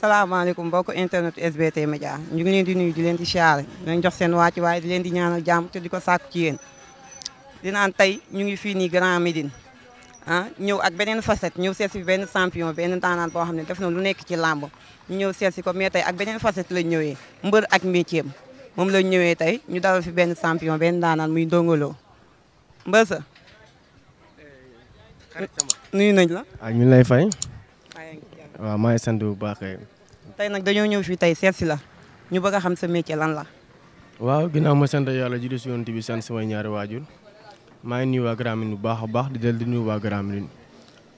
salaamaaleykum mbokk internet SBT Média ñu ngi leen di nuyu di leen di siyaare di leen jox seen wàcc waaye leen di ñaanal jàmm te di ko sàkku ci yéen dinaan tey ñu ngi fii nii Grand Médine ah ñëw ak beneen facette ñëw seet si benn champion benn daanaan boo xam ne def na lu nekk ci làmb ñëw seet si ko mais tey ak beneen faset lañ ñëwee mbër ak métier moom lañ ñëwee tey ñu dalal fi benn champion benn daanaan muy Ndongo Lo mbër sa eh, la ah, ñu lay fay waaw maa ngi sant bu baax kay. tey nag dañoo ñëw fii tey seet si la ñu bëgg a sa métier lan la. waaw ginnaaw ma sant yàlla julli si yonent bi sant samay ñaari waajur maa ngi nuyu waa Grand Médine bu baax a baax di del di nuyu waa Grand Médine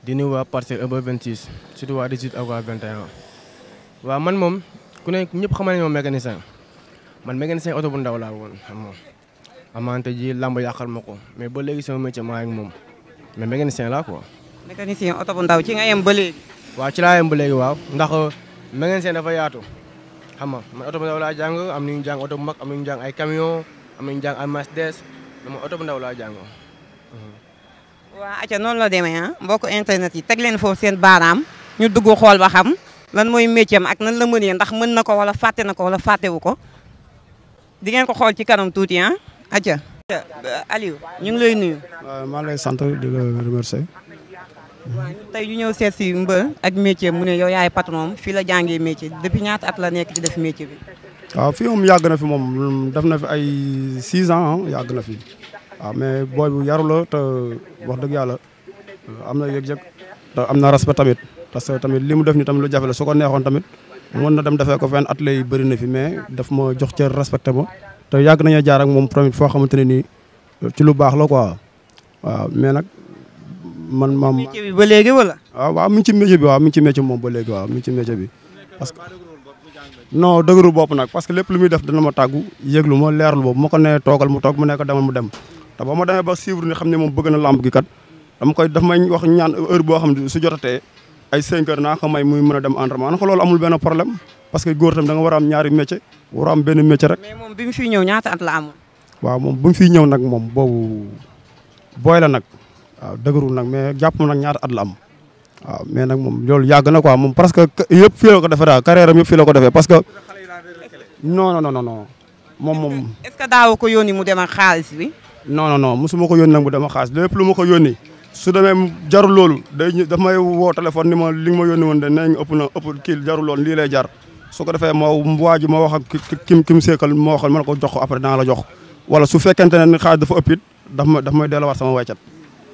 di nuyu waa Parcelles ba 26 surtout waa a ak waa 21. waaw man moom ku nekk ñëpp xam nañu moom mécanicien man mécanicien oto bu ndaw laa woon xam nga amante ji làmb yàqal ma ko mais ba léegi sama métier maa ngi moom mais mécanicien laa quoi. mécanicien oto waaw ci laa yem ba léegi waaw ndax euh, ma seen dafa yaatu xam man oto bu ndaw laa jàng am nañu jàng oto bu mag am nañu jàng ay camion am nañu jàng ay man oto bu ndaw laa jàng. waaw acca noonu la demee ah mbokk internet yi teg leen foofu seen baaraam ñu dugg xool ba xam lan mooy métier ak nan la mënee ndax mën na ko wala fàtte na ko wala fàttewu ko di ngeen ko xool ci kanam tuuti ah acca. Aliou ñu ngi lay nuyu. waaw maa lay sant di la remercier. tey ñu ñëw seet si mbër ak métier mu ne yow yaay patron fii la jàngee métier depuis ñaata at la nekk di def métier bi. waaw fii moom yàgg na fi moom def na fi ay 6 ans ah, yàgg na fi waaw mais booy bu yaru la te wax dëgg yàlla euh, am na yëg-yëg te am na respect tamit parce que tamit li mu def ni tamit lu jafe la su ko neexoon tamit mën na dem defee ko fen atelier yi bëri na fi mais daf ma jox cër respecté ma te yàgg nañu jaar ak moom tamit foo xamante ne nii ci lu baax la quoi waaw mais man maam métier bi ba léegi wala. waaw ah, waaw mi ci métier bi waaw mi ci métier moom ba léegi waaw mi ngi ci métier bi parce que non dëgëru nag parce que lépp lu muy def dana ma tàggu yëglu ma leerlu boobu ma ko toogal mu toog mu nekk demal mu dem te ba ma demee ba ne moom bëgg na làmb gi kat koy daf may wax ñaan heure boo xam ne su jotatee ay 5 heures naa ko muy mën a dem entraînement na ko amul benn problème parce que góor tam da war a am ñaari am benn métier rek. mais moom bi ñëw ñaata la amoon. waaw moom bi mu ñëw nag moom boobu booy la nag waaw dëgërul nag mais jàpp nag ñaata at la am waaw mais nag moom loolu yàgg na quoi moom presque yëpp fii la ko defee daal carrière yëpp fii la ko defee parce que non no non non moom moom. est-ce que daaw ko yónni mu dem ak xaalis bi. non non non mosuma ko yónni nag mu dema ak xaalis lépp lu ma ko yónni su demee jarul loolu day daf may woo téléphone ni ma li nga ma yónni woon de nee ëpp na ëpp kii jarul loolu lii lay jar su ko defee moo waa ji ma wax ak kim kim seekal moo waxal ma ne ko jox ko après dana la jox wala su fekkente ne xaalis dafa ëpp it daf may daf may delluwaat sama waycat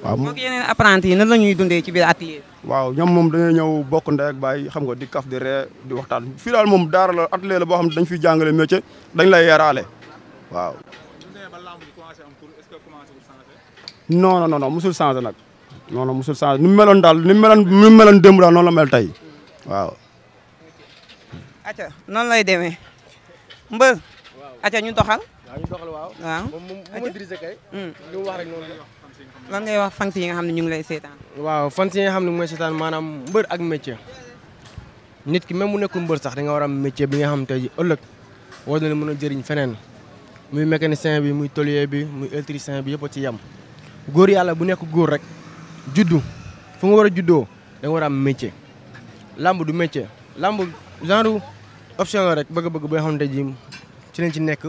waaw moom yi nan la ñuy dundee ci biir atelier waaw ñoom moom dañoo ñëw bokk ndey ak baay xam nga di kaf di ree di waxtaan fii daal moom daara la atelier la boo xam ne dañ fiy jàngale métier dañ lay yaraale waaw. non non non musul nag non non musul changé ni mu meloon daal ni meloon ni meloon démb daal noonu la mel tey waaw. acca lay demee mbër acca ñu doxal. lan ngay wax fans yi nga xam ne ñu ngi lay seetaan. waaw fans yi nga xam ne mooy seetaan maanaam mbër ak métier nit ki même mu nekkul mbër sax da nga war a métier bi nga xam tey ji ëllëg war na mën a jëriñ feneen muy mécanicien bi muy tôlier bi muy électricien bi yëpp a ci yem. góor yàlla bu nekk góor rek juddu fu nga war a juddoo da nga war a am métier lamb du métier lamb genre option la rek bëgg-bëgg boo xamante ji ci lañ ci nekk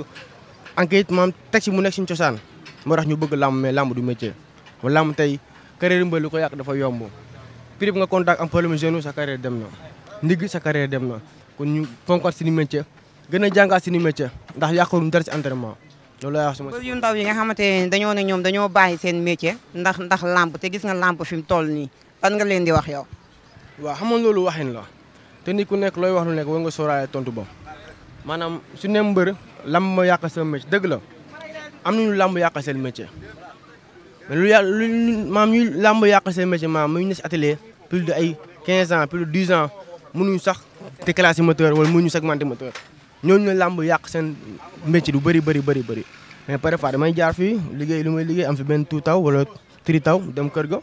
enquête maam teg ci mu nekk suñu cosaan moo tax ñu bëgg lamb mais lamb du métier. mu làmb tey carrière mbër lu ko yàq dafa yomb prix bi nga contact am problème genou sa carrière dem na ndigg sa carrière dem na kon ñu fonkaat suñu métier gën a jàngaat suñu métier ndax yàqoon dara si entraînement loolu laa wax sama yu ndaw yi nga xamante ne dañoo ne ñoom dañoo bàyyi seen métier ndax ndax làmb te gis nga làmb fi mu toll nii lan nga leen di wax yow waaw xam nga loolu waxin la te nit ku nekk looy wax lu nekk war nga sóoraale tontu ba maanaam su ne mbër làmb ma yàq sa métier dëgg la am nañu làmb yàq seen métier mais yàlla lu maam ñuy làmb yàq seen métier maam muy ñu ne si atelier plus ay 15 ans plus de 10 ans mënuñu sax déclasser moteur wala mu ñu mënuñu segmenter moteur ñooñu ne làmb yàq seen métier du bëri bëri bëri bëri mais par fois damay jaar fii liggéey lu may liggéey am fi benn tout taw wala tri taw dem kër ga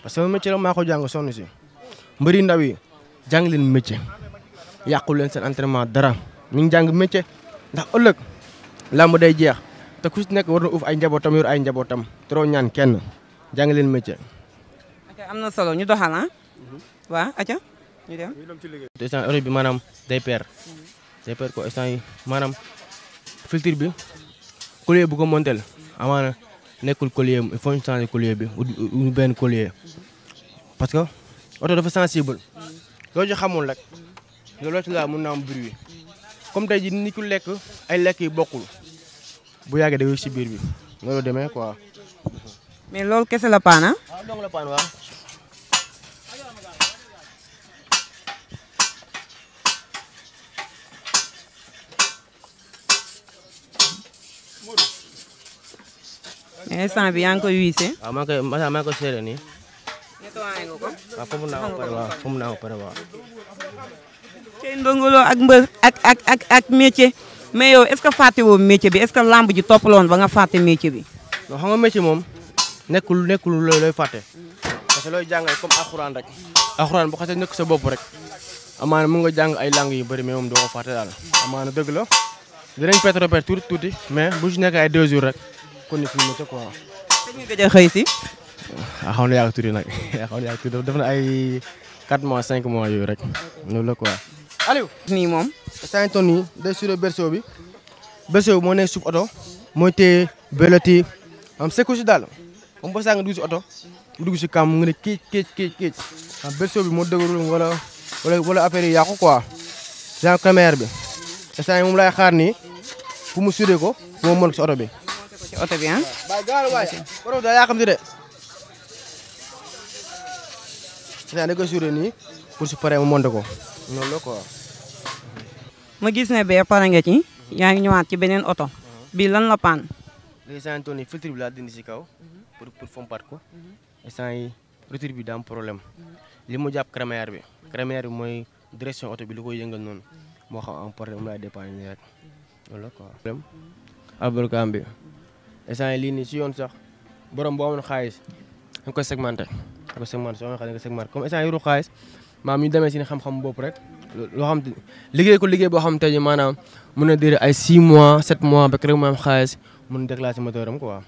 parce que sama métier maa ko jàng sonn si mbëri ndaw yi jàng leen mecce yàqul leen seen entraînement dara ñu ngi jàng métier ndax ëllëg làmb day jeex te ku si nekk war na uuf ay njabootam yor ay njabootam trop ñaan kenn jàng leen métier. am na solo ñu doxal ah. waa aca ñu bi maanaam day peer. Mhm. day peer ko instant yi maanaam filtre bi collier bu ko montel nekkul collier il faut ñu changer collier bi ou benn collier mhm. parce que oto dafa sensible mhm. loo ci xamul rek loolu ci laa mën na am bruit comme tey ji nit ku lekk ay lekk yi bokkul. bu yàggee da ngay si biir bi loolu demee quoi. mais loolu kese la paan ah. ah bi yaa ngi koy wiise. waaw maa ak mbër mais yow est-ce que fàtte woo métier bi est-ce que lamb ji toppaloon ba nga fàtte métier bi. non xam nga métier moom nekkul nekkul looy looy fàtte parce que looy jàngal comme alxuraan rek alxuraan bu xasee nekk sa bopp rek amaana mun nga jàng ay langues yu bëri mais moom doo ko fàtte daal amaana dëgg la dinañ perte repère tuuti tuuti mais bu ci nekk ay deux jours rek kon ni fi mu nekk quoi. te ñu gëj a xëy si. ah xam nga yaa ngi nag yaa xam def na ay 4 mois cinq mois yooyu rek loolu la quoi. Aliou nii moom Saint-Antoine nii day suré berceau bi moo nekk suuf oto mooy téye beloti am sekku si daal comme ba saa nga dugg si oto mu dugg si kàmm nga ne kéej kéej kéej kéej am moo dëgërul wala wala wala affaire yi yàqu quoi genre caméra bi instant moom laay xaar nii fu mu suré ko fu mu ko si oto bi. ci oto bi ah. waaw daa yaa xam de. instant da koy nii. pour su paree mu monté ma gis ne bi pare nga ci. yaa ngi ñëwaat ci beneen oto. Mhm. bii lan la paan. instant yii toog filtre bi laa dindi si kaw. Mhm. pour pour fompat ko. Mhm. instant yi bi daa problème. li mu jàpp crémaillère bi. crémaillère bi mooy direction oto bi lu koy yëngal noonu. moo xam am problème mu laay dépanner nii rek loolu la quoi. problème albarkaam bi nii si yoon sax borom boo amoon xaalis nga koy segmenté nga koy segmenté soo amee xaalis da nga maam ñu demee seen xam-xam bopp rek loo xam te liggéey ko liggéey boo xam te ne maanaam mun na dire ay 6 mois 7 mois ba rek mu am xaalis mun déclenché moteur am quoi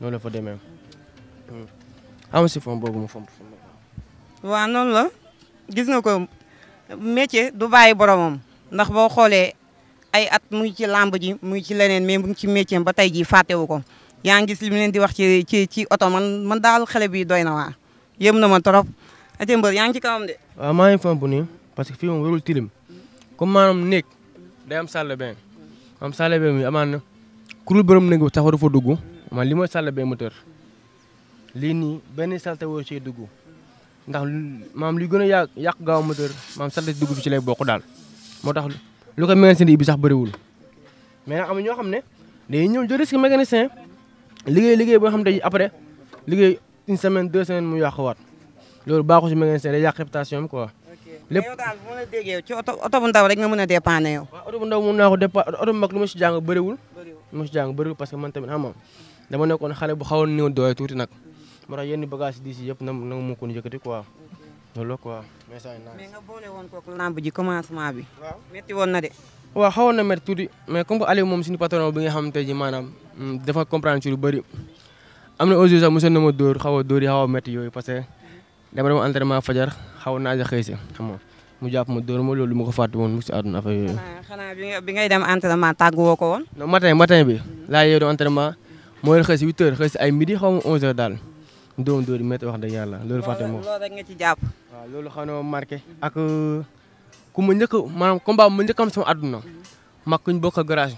loolu la fa demee hmm. am boobu mu fom. waaw noonu la gis nga ko métier du bàyyi boromam ndax boo xoolee ay at mu ngi ci làmb ji mu ngi ci leneen mais mu ngi ci métier ba tey jii fàttewu ko yaa ngi gis li mu di wax ci ci ci oto man man daal xale bi doy na waa yëm na ma trop. ate mbër yaa ngi ci kawam de. waaw maa ngi fomp parce que fii moom warul tilim comme maanaam néeg day am salle de bain am salle de bain bi na kurul borom néeg dugg man li mooy salle de bain moteur lii nii benn salte waru cee dugg ndax maam li gën a yàq yàq gaaw moteur maam salte dugg bi ci lay bokk daal moo tax lu ko mécanicien bi sax bëriwul mais am na ñoo xam ne day ñëw jël risque mécanicien liggéey liggéey boo xam ne après liggéey une semaine deux semaines mu yàquwaat. loolu baaxul si mécanicien day yàq réputation quoi. lépp yow daal bu ma la nga mën a dépanner yow. parce que man tamit xam nga dama nekkoon bu xawoon néew doole tuuti nag. Mhm. moo tax yenn bagage di na na mu ko na de. waaw na métti tuuti mais comme que Aliou mm, na aussi sax monsieur na ma dóor xaw a dóor yi yooyu parce dama dem entraînement fajar xaw naa ja xëy si xam nga mu jàpp ma dóor ma loolu mu ko fàtte woon mu si àdduna affaire yooyu. xanaa bi ngay dem entraînement tàgguwoo ko woon. non matin matin bi laa yeewu dem entraînement moo leen xëy si 8 ay midi xaw ma 11 daal dóom dóor yi métti wax dëgg yàlla loolu fàtte ma. loolu rek nga ci jàpp. waaw loolu xaw na marqué. ak euh, ku ma njëkk maanaam combat ma njëkk am sama àdduna mag kuñ bokk garage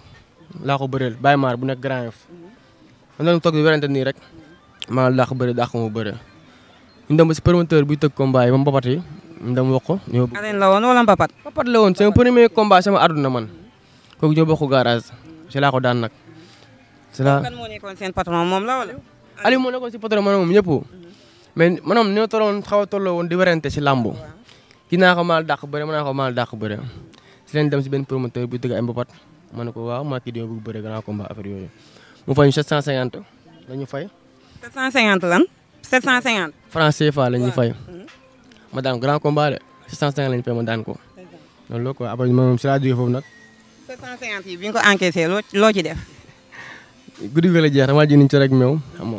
laa ko bëreel Baye bu nekk Grand Yoff. ma mhm. doon toog di werante nii rek maa laa ko bëree daa ñu dem ba si promoteur buy tëgg combat yi ba mbapat yi ñu dem wax ko. ñoo la woon wala mbapat. mbapat la woon sama premier combat si laa ko la wala. Aliou moo nekkoon si patron man moom ñëpp. mais ñoo tolloon xaw a tolloo woon di si lambo kii naa ko maal dàq bëre mën naa ko maal dàq bëre si leen dem si benn promoteur buy tëgg ay mbapat ma ne ko waaw maa kii di bëgg bëre grand combat affaire yooyu mu fay ñu 750 la ñu fay. 750. franc CFA mm-hmm. la ñuy fay. ma grand combat de la ñu fay ma daan ko. loolu la quoi après moom si laa jógee foofu nag. 750 yi bi nga ko encaissé loo loo ci def. guddi la jeex damaa ji niñ rek meew xam nga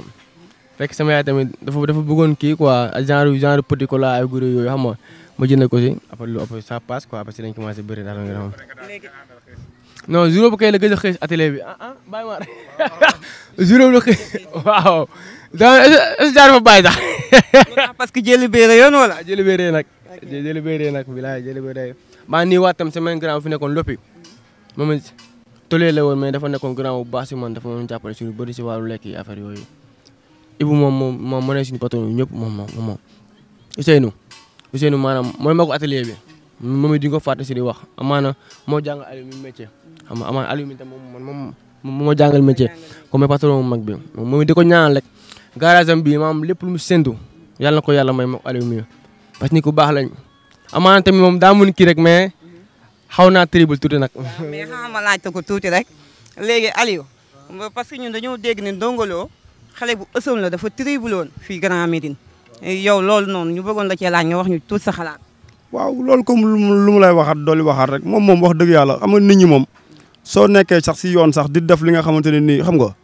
fekk sama tamit dafa dafa bëggoon kii quoi genre genre petit cola ay guddi yooyu xam nga ma jënd ko si après lu après ça passe quoi après si lañ commencé bëri daal nga xam. non juróom kay la gëj a xëy bi ah ah bàyyi waaw. est-ce que fa parce que jëli bee la yoon wala. jëli bee ree nag. jëli bee ree nag bilaay jëli maa nii waat tam sama grand fi nekkoon loppi moom it la woon mais dafa nekkoon grand bu baax si man dafa mën jàppale si lu bëri si wàllu lekk yi affaire yooyu. Ibou moom moom moom moo nekk suñu patron ñëpp moom moom moom Ousseynou Ousseynou maanaam mooy ma ko atelier bi moom it di nga ko si di wax amaana moo jàngal Aliou mi métier xam nga amaana Aliou mi moom moom moo jàngal métier mag moom it ñaan rek garage am bii maam lépp lu mu séntu yàlla na ko yàlla may moom Aliou Mia parce que ni ku baax lañ amaana mi moom daa mun kii rek mais xaw naa tribal tuuti nag. Ah, mais xam ma laajte ko tuuti rek léegi Aliou parce que ñun dañoo dégg ne Ndongo Lo xale bu ësëm la dafa tribal woon fii Grand Médine yow loolu noonu ñu bëggoon la cee laaj nga wax ñu tuuti sa xalaat. waaw loolu comme lu mu lay waxaat dooli waxaat rek moom moom wax dëgg yàlla xam nga ñi moom soo nekkee sax si yoon sax di def li nga xamante ne nii xam nga.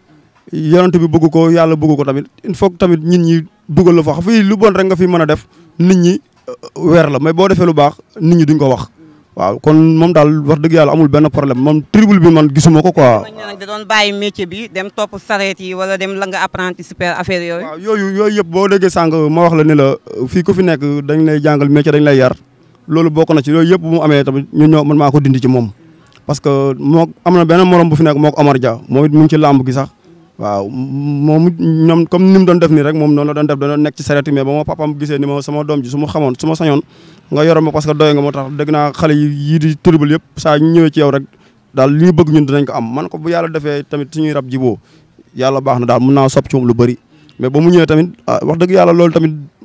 yonent bi bëgg ko yàlla bëgg ko tamit il faut tamit nit ñi dugal la fa xam fii lu bon rek nga fi mën a def nit ñi euh, weer la mais boo defee lu baax nit ñi duñ ko wax. waaw kon moom daal wax dëgg yàlla amul benn problème moom tribul bi man gisuma ko quoi. da doon bàyyi bi dem topp sareet wala dem la nga apprenti super affaire yooyu. yooyu yooyu yëpp boo déggee sànq ma wax la ne la euh, fii ku fi nekk dañ lay jàngal métier dañ lay yar loolu bokk na ci yooyu yëpp bu mu amee tamit ñu ñoo man maa ko dindi ci moom. parce que moo am na benn morom bu fi nekk moo ko Omar Dia moom it mu ci làmb gi sax. waaw moom comme ni mu doon def nii rek moom noonu la doon def doon nekk ci saretu mais ba ma papam gisee ni ma sama doom ji su xamoon su sañoon nga yoroon ma parce que doy nga moo tax dégg naa xale yi yii di yëpp saa ñëwee ci yow rek daal li bëgg ñun dinañ ko am man ko bu yàlla defee tamit suñuy rab jiboo yàlla baax na daal mun naa sopp ci lu bari mais ba mu ñëwee tamit ah, wax dëgg yàlla loolu tamit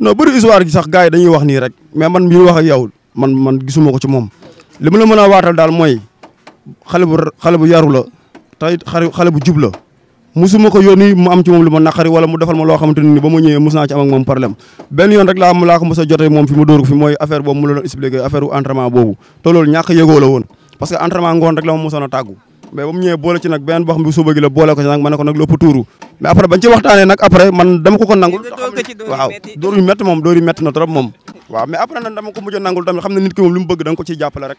non bëri histoire gi sax gars dañuy wax nii rek mais man mi wax ak yow man gisuma ko ci moom li ma la mën a waatal daal mooy xale bu xale bu yaru la xale bu jub la musuma ko yónni mu am ci moom lu ma naqari wala mu defal ma loo xamante ni ba ma ñëwee mus naa ci am ak moom problème benn yoon rek laa laa ko mos a jotee moom fi ma dóor ko fi mooy affaire boobu mu la expliqué affaire u entraînement boobu te loolu ñàkk woon parce que entraînement a tàggu mais ba mu ñëwee boole ci nag benn boo xam ne suba boole ko ci nag ma nag lépp tuuru mais après bañ ci waxtaanee nag après man dama ko ko nangul waaw dóor yu moom dóor yu métti na trop moom waaw mais après nag dama ko mu da nga ko ciy jàppale rek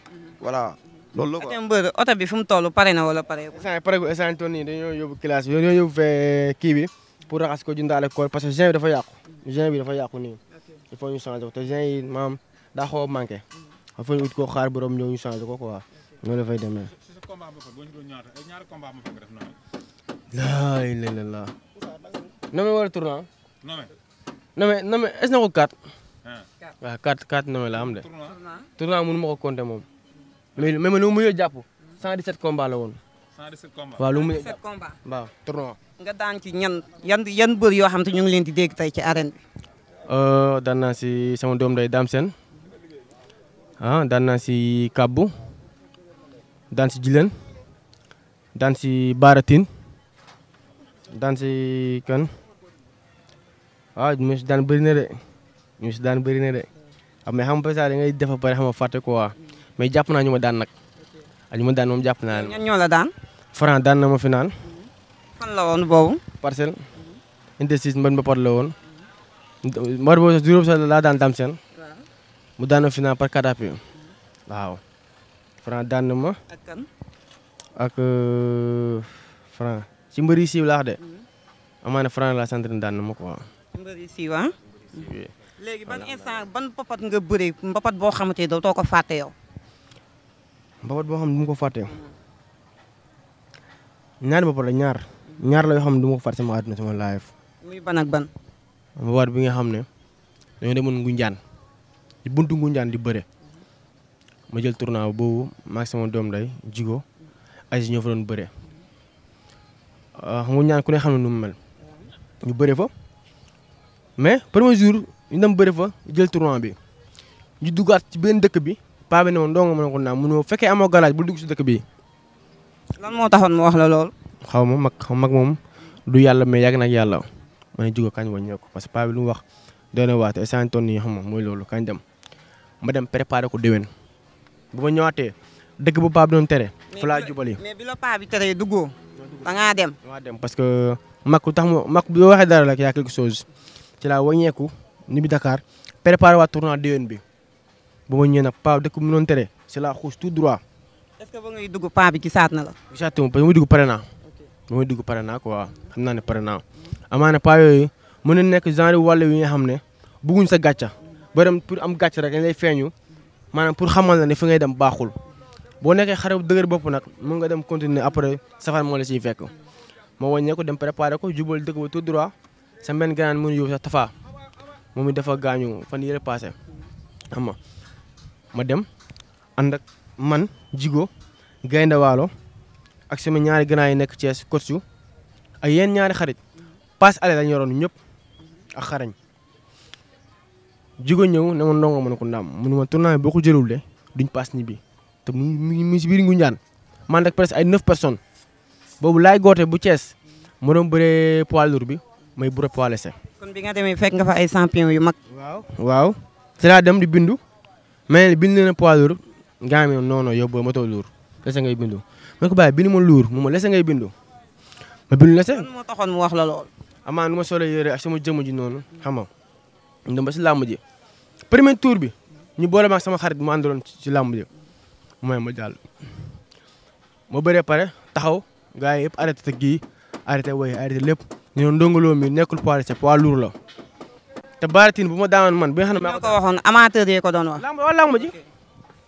mu toll pare na wala pare instant pare gu instant toll nii dañoo yóbbu classe bi dañoo yóbbu fee eh, kii bi pour raxas ko ko parce que gen bi ñu changer ko ko quoi combat nga fa na. laa ilaaha illallaah. Nome wala tournoi. Nome. Nome na ko 4. waaw Nome la am de. tournoi mënu ma moom. mais mais lu mu mujjee jàpp. 117 la woon. 117 combat waaw lu mu mujjee jàpp waaw tournoi. nga daan ci ñan yan yan yoo xam te ñu ngi leen di dégg tey ci arène bi. Euh, daan naa si sama doom day Dame Sène ah daan daan si Jileen daan si Baaratin daan si kan waaw ah, ñu si daan bëri de ñu si daan bëri na de ah mais xam ngay def ba pare xam nga fàtte quoi mais jàpp naa ñu ma daan nag ak ah, ñu ma daan moom jàpp naa leen. daan. Franc daan na ma fi naan. fan la woon boobu. la woon. mbar boobu laa daan dam seen. mu daan na fi par kàddaa Franc daan na ma. ak kan. ak euh, Franc ci mbër siiw laax de. Mm-hmm. amaana Franc laa sant daan na ma quoi. Ah? ban instant nga bëree mbapat boo xamante ne dootoo ko fàtte yow. mbapat boo xam ne du ma ko fàtte. ñaar mbapat la ñaar. ñaar la yoo xam ne du ko fàtte sama àdduna sama life. muy ban ak ban. mbapat bi nga xam ne dañoo demoon Ngunjaan di buntu Ngunjaan di bëre. ma jël tournoi boobu maag sama doom day jigo Aziz ñoo fa doon bëre ah, mu ñaan ku ne xam ne mel ñu bëre fa mais premier jour ñu dem bëre fa jël tournoi bi ñu duggaat ci benn dëkk bi paa bi ne ma ndongo ma ne ko dëkk bi. lan moo taxoon wax la xaw ma mag xaw mag moom du yàlla mais yàgg na yàlla ma ne jugo kañ wàññeeku parce que paa bi wax doy na waat te instant tonne mooy loolu kañ dem ma dem préparé ko déwén. bu ma ñëwaatee dëkk bu paa bi doon tere. fa laa jubali mais bi la da ngaa dem da ngaa dem parce que makku tax ma makku bi waxee dara rek yaa quelque chose ci laa wàññeeku ni bi Dakar préparé waa tournoi déwén bi bu ma ñëwee nag bu mu tere ci laa xuus tout droit. na la. gisaat ma parce que ma dugg pare naa. ma dugg pare naa quoi xam naa ne pare naa amaana na nekk genre wàll yi nga xam ne bëgguñ sa gàcca ba dem pour am gàcca rek dañ maanaam pour xamal la ne fi ngay dem baaxul boo nekkee xare bu dëgër bopp nag mun nga dem continuer après safar moo la ciy fekk moo wàññeeku dem préparer ko jubal dëkk ba tout droit sa benn gànnaar mu ngi yóbbu sax Tafa moom it dafa gaañu fan yële passé xam ma dem ànd ak man jigo Gaynde Waalo ak sama ñaari gànnaar yi nekk Thiès Côte ak yéen ñaari xarit passe aller lañ yoroon ñëpp ak xarañ. jugo ñëw ne ma ndongo ma ne ko ndam mu ne ma tournoi boo ko jëlul de duñ paas ñibbi te mu ngi si biir ngu ñaan man rek presque ay neuf personnes boobu laay goote bu cees ma doon bëree poids bi may bëre poids léger. kon bi nga fekk nga fa ay champion yu mag. waaw waaw laa dem di bindu mais bind na poids lourd gaa mi non non yow booy ma too ngay bindu ma ko bàyyi bindu ma luur mu ma léger ngay bindu ma bindu léger. lan taxoon wax la lool. amaa nu ma solo yore ak sama jëmm ji noonu xam nga ñu dem si làmb ji premier tour bi ñu boole ma ak sama xarit mu àndaloon ci làmb ji mooy ma jàll. ma bëree pare taxaw gaa yi yëpp arrêté te gii arrêté woy arrêté lépp ñu ne Ndongo mi nekkul poids léger poids la te baaratin bu ma daanoon man bi nga xam ne maa ko waxoon amateur yi ko doon wax. làmb wala làmb ji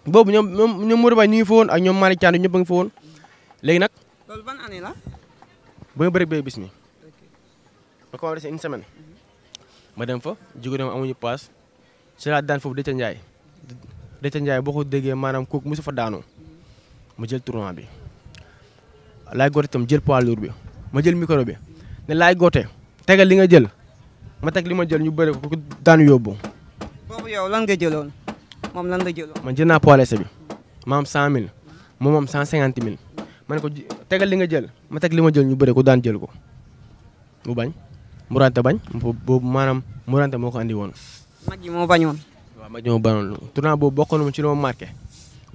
boobu ñoom ñoom ñoom Mourou ñu ngi fa woon ak ñoom Malick Thiandou ngi fa woon léegi nag. loolu ban année la. ba nga bëri béy war a une semaine. ma dem fa jóge dem amuñu paas si laa daan foofu Déthié Ndiaye Déthié Ndiaye boo ko déggee maanaam kooku mosu fa daanoo ma jël tournoi bi laay goote itam jël poids lourd bi ma jël micro bi ne laay goote tegal li nga jël ma teg li ma jël ñu bëri ko yóbbu. yow lan nga jëloon moom lan nga jëloon. man jël naa poids léger bi ma am 100000 moom am 150000 ma ne ko tegal li nga jël ma teg li ma jël ñu bëri ko daan jël ko mu bañ. Mourante bañ boobu maanaam Mourante moo ko andi woon. mag moo bañoon. waaw mag yi moo boobu bokkoon mu ci lu ma bu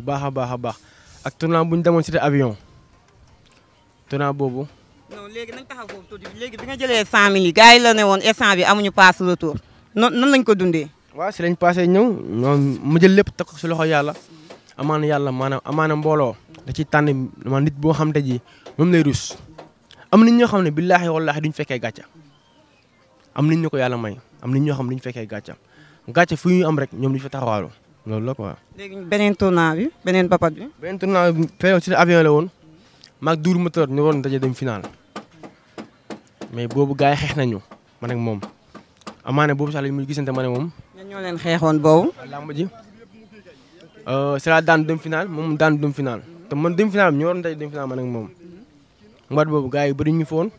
baax a baax a baax ak tournant bu ñu demoon cité avion tournant boobu. non léegi nañ taxaw léegi bi nga jëlee 100000 yi yi la ne woon instant bi amuñu paas retour noonu nan lañ ko dundee. waaw si lañ paasee ñëw ñoom mu jël lépp takk si loxo yàlla amaana yàlla maanaam amaana mbooloo da ciy tànn nit boo xam te ji moom lay rus am na ñoo xam ne billaahi wallaahi duñ fekkee gàcca am nañ ñu ko yàlla may am nañ ñoo xam ne ñu fekkee gàcce gàcce fu ñu am rek ñoom duñ fa taxawaalu loolu la quoi. léegi beneen tournant bi beneen papat bi. beneen tournant bi fee ci avion la woon maag duur moteur ñu waroon daje dem final mais boobu gars yi xeex nañu man ak moom amaane boobu sax la ñu gisante ma ne moom. ñan ñoo leen xeexoon boobu. làmb ji euh, c'est la daan dem final moom daan dem final te man dem final bi ñu waroon daje dem final man ak moom mbaat boobu gars yi bëri ñu foon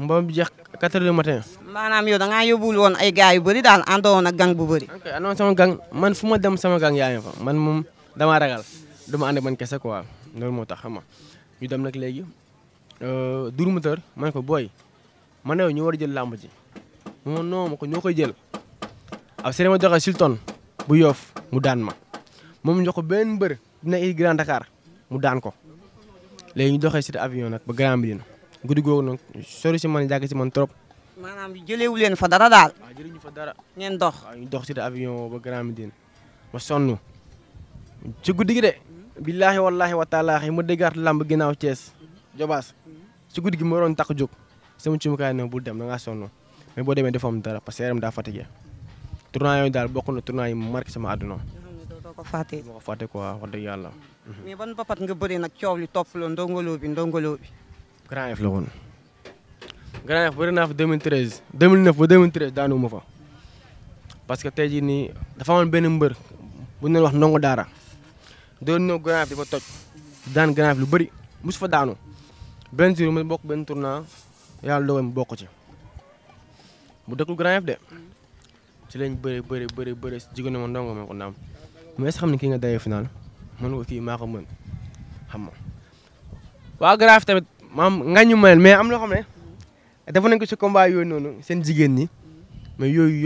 mbaam bi jeex 4 heures du matin. maanaam yow da ngaa yóbbuwul woon ay gars yu bëri daal àndoon ak gang bu bëri. ok gang man fu ma dem sama gang yaa ngi fa man moom damaa ragal du ma ànd man kese quoi loolu moo tax xam nga ñu dem nag léegi euh, Dour Moteur ma ko boy man ne ñu war a jël làmb ji non ko ñoo koy jël. aw ma joxe Sultan bu yoof mu daan ma moom jox ko benn mbër dina il Dakar mu daan ko léegi ñu doxee si avion ba Grand Médine guddi googu nag sori si man jàgg man trop. maanaam jëleewu leen fa dara daal. waaw jëleewu fa dara. ngeen dox waaw ñu dox ci avion ba Grand Médine ma sonn ci guddi gi de. billaahi wallaahi wa taalaahi ma déggaat lamb ginnaaw Thiès. Jobaas ci guddi gi ma waroon takk jóg sama cimukaay ne bul dem da ngaa sonn boo demee dafa am dara parce que yaram daa fatigué tournoi daal bokk na tournoi yi marqué sama àdduna. doo ko fàtte doo ko fàtte quoi wax dëgg yàlla. mais ban nga bëri nag coow li topp la ndongolo bi ndongolo bi. Grand F Grand Yoff bëri naa fa 2013 2009 ba 2013 daanu ma fa parce que tey jii nii dafa amoon benn mbër bu ñu wax ndongo daara doon ñëw Grand Yoff di ko toj daan Grand Yoff lu bëri mosu fa daanu benn jour mu bokk benn tournant yàlla dogal mu bokk ci mu dëkkul Grand Yoff de ci lañ bëri bëri bëri bëri jigéen ma ndongo ma ko naam mais xam ne kii nga dayee final mën ko kii maa ko mën xam waa Grand Yoff tamit maam ngañu mel mais am loo xam ne dafa nañ ko si combat yooyu noonu seen jigéen ñi mais yooyu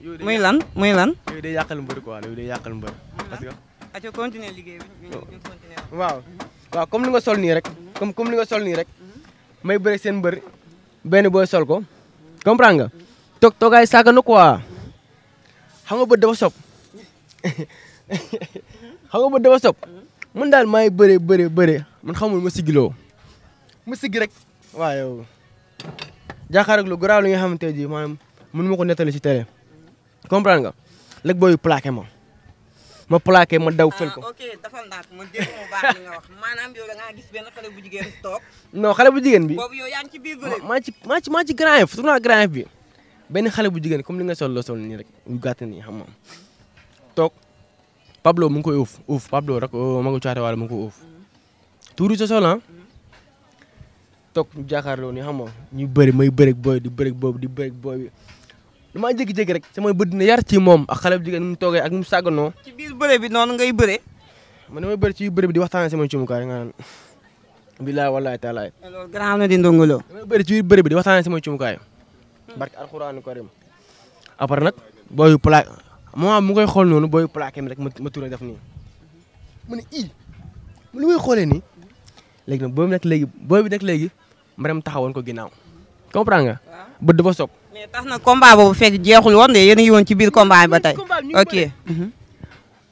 yooyu. muy lan mu lan. yooyu day yàqal mbër quoi yooyu day yàqal mbër. parce que. aco ah, liggéey waaw waaw comme li nga sol nii rek. comme comme li nga sol nii rek. may bëre seen mbër benn booy sol ko. comprendre nga. toog toogaay saaga na quoi. xam nga bët dafa sob xam nga bët dafa sob mun daal maay bëree bëree bëree man xamul ma sigiloo ma sigi rek waaw jàkkaar ak lu garaaw li nga xamante ne bii maanaam mën ma ko nettali ci télé comprendre nga léegi booy plaqué ma ma plaqué ma daw fël ko. Ah, ok dafa ndànk ma wax maanaam benn xale bu jigéen toog. non xale bu jigéen bi boobu yow yaa ngi ci maa ci maa ci maa ci grand F tournoi bi benn xale bu jigéen comme li nga sol la sol nii rek ñu gàtt nii xam nga toog Pablo mu ngi koy uuf uuf Pablo rek oh, Maguette Thiawara mu ngi ko sol ah. toog ñu jàkkaarloo ni xam nga ñu bëri may bëreeg booy di bëreeg boobu di bëreeg booy bi damaa jékki-jékki rek samay bët dina yar ci moom ak xale bu jigéen mu toogee ak mu sàgganoo. ci biir bëre bi noonu ngay bëree. man damay bëri ci bëre bi di waxtaanee sama cumukaay nga naan billaay wallaay taalaay. alors grand na di ndongolo. damay bëri ci biir bëre bi di waxtaanee sama cumukaay. barke alxuraanu karim après nag booyu plaque moment mu koy xool noonu booyu plaqué mi rek ma turé def nii mu ne i lu may xoolee nii léegi nag boobu nag léegi boobu nag léegi mbaram taxawoon ko ginnaaw comprendre nga. bët dafa soog. mais tax na combat boobu fekk jeexul woon de yéen a ngi woon ci biir combat bi ba ok. Mhm.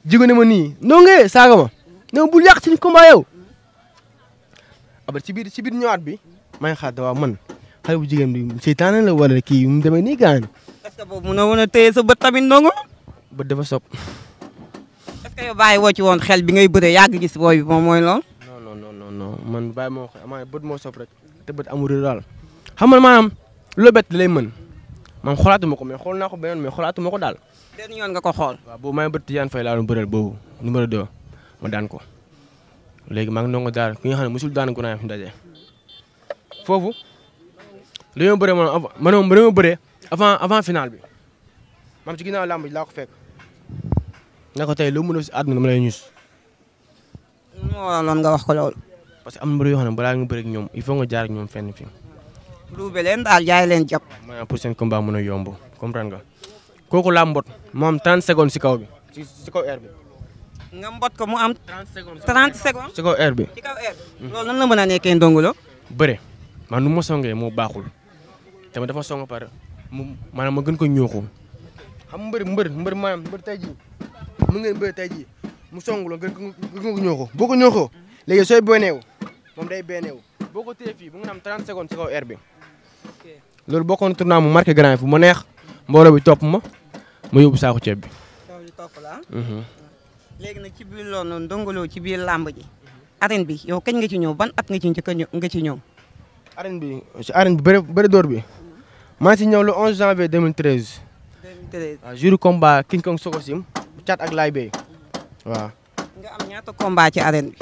jigo ma nii noo ngee saaga ma ne bul yàq suñu combat yow. abar ci biir ci biir ñëwaat bi maa ngi xaar man xale bu jigéen bi seytaane la wala kii mu demee nii gaañ. est-ce que boobu mënoo woon a téye sa bët tamit ndongo. bët dafa soog. woo ci woon bi ngay bëree yàgg gis booy bi moom mooy moo xam rek. te bët daal xam nga maanaam loo bett lay mën man xoolaatuma ko mais xool naa ko beneen mais xoolaatuma ko daal. benn yoon nga ko xool. waaw boobu maa ngi bët Tidiane Faye laa doon bëreel boobu ko léegi maa ngi ndongo daal ki nga xam ne mosul daan ko naa fi daje foofu dañoo bëree man avant man moom dañoo avant avant final bi maam ci ginnaaw làmb ji laa ko fekk ne ko tey loo mën a si àdduna ma parce que am na mbir yoo xam ne balaa nga bëri ak ñoom il faut nga jaar ñoom fenn fi leen daal jaay pour seen combat mën a yomb comprendre kooku laa mbot mu am 30 secondes si kaw bi si si kaw air bi. nga mbot ko mu la mën a ma songee baaxul tamit dafa song par mu ma gën ko ñooxu mbër mbër mu ngeen mbër tey jii mu song gën ko gën ko ñooxu boo ko ñooxoo léegi sooy boneewu moom day beeneewu boo ko téye fii bu nga am 30 secondes si kaw air loolu bokkoon tournoi mu marqué grand fu ma neex mbooloo bi topp ma ma yóbbu saako ceeb bi. Ah? Mhm. léegi na ci biir loolu noonu Ndongo ci biir làmb ji. arène bi yow kañ nga ci ñëw ban at nga ci nga ci ñëw. arène bi si arène bi bëri bëri door bi mhm. maa ngi si ñëw le 11 janvier 2013. 2013 waaw jour combat King Kong Sokosim Thiat ak Laye Bey mhm. waaw. nga am ñaata combat ci arène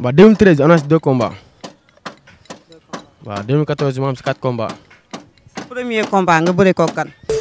waaw 2013 on a deux combats. waaw 2014 ma am si quatre premier combat nga bëre ko kan.